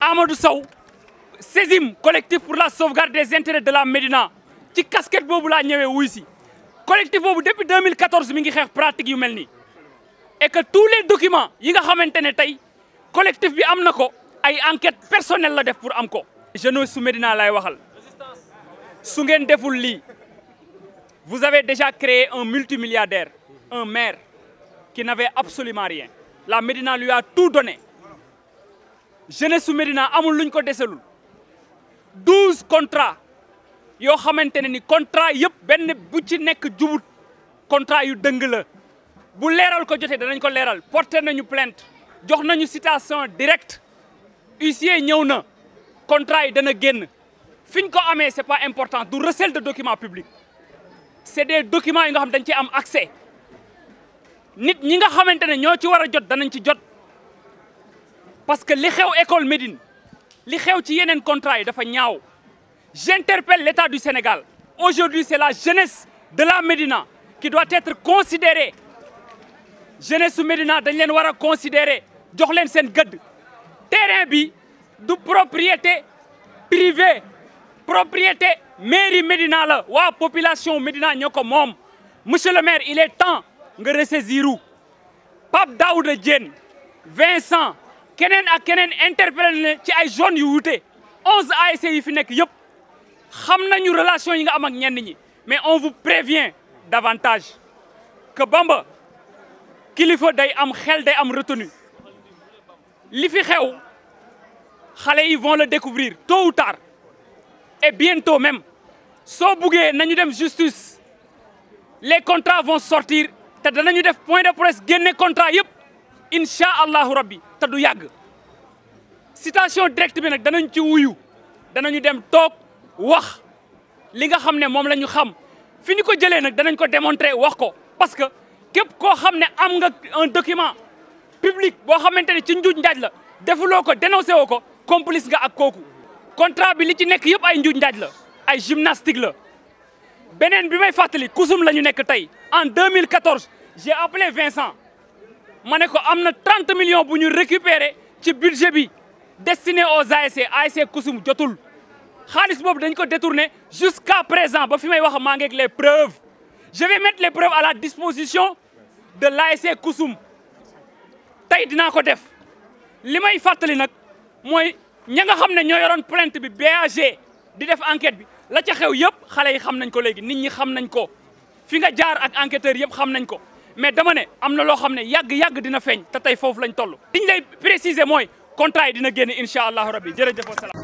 Amadou Sow Sésime collectif pour la sauvegarde des intérêts de la Médina ci casquette boobu laa ñëwee wuy si collectif boobu depuis 2014 mi ngi xeex pratique yu mel ni et que tous les documents yi nga xamante ne tey collectif bi am na ko ay enquête personnelle la def pour am ko jeunesse su Médina lay waxal su ngeen deful lii vous avez déjà créé un multimilliardaire un maire qui n'avait absolument rien la Médina lui a tout donné jeunesse su Médina amul luñ ko deselul douze contrats yoo xamante ne ni contrats yëpp benn bu ci nekk jubut contrats yu dëng la bu leeral ko jotee danañ ko leeral porter nañu plainte jox nañu citation directe huissier ñëw na contrat yi dana génn fi ñu ko amee c'est pas important du recel de documents publics c'est des documents yi nga xam dañ ci am accès nit ñi nga xamante ne ñoo ci war a jot danañ ci jot parce que li xew école Médine li xew ci yeneen contrat yi dafa ñaaw j'interpelle l'État du Sénégal aujourd'hui c'est la jeunesse de la Médina qui doit être considéré jeunesse su Médina dañ leen war a considérer jox leen seen gëdd terrain bi du propriété privée propriété mairie Médina la waa population Médina ñoo ko moom monsieur le maire il est temps nga ressaisir Pape Daouda Diène Vincent keneen ak keneen interpellé ne ci ay zones yu wute onze ASC yi fi nekk yëpp xam nañu relation yi nga am ak ñenn ñi mais on vous prévient davantage que Bamba kilifa day am xel day am retenu li fi xew xale yi vont le découvrir tôt ou tard bien bientôt même soo buggee nañu dem justice les contrat vont sortir te danañu def point de presse génne contrat yëpp incha allahu rabbi te du yàgg citation directe bi nag danañ ci wuyu danañu dem toog wax li nga xam ne moom la ñu xam fi ñu ko jëlee nag danañ ko démontrer wax ko parce que képp koo xam ne am nga un document public boo xamante ne ci njuuj njaaj la defuloo ko dénoncé woo ko complice nga ak kooku contrat bi li ci nekk yëpp ay njuuj njaaj la ay gymnastique la beneen bi may fàttali kusum la ñu nekk tey en 2014 j'ai appelé Vincent ma ne ko am na 30 million bu ñu récupéré ci budget bi destiné aux ASC ASC kusum jotul xaalis boobu dañ ko détourné jusqu'à présent ba fi may wax maa ngi ak les preuves je vais mettre à la disposition de la l'ASC kusum tey dinaa ko def li may fàttali nag mooy ña nga xam ne ñoo yoroon plainte bi BAG di def enquête bi la ca xew yëpp xale yi xam nañ ko léegi nit ñi xam nañ ko fi nga jaar ak enquêteurs yëpp xam nañ ko mais dama ne am na loo xam ne yàgg-yàgg dina feeñ te tey foofu lañ toll liñ lay préciser mooy contrat yi dina génn incha allahu rabbi jërëjëf wasalaam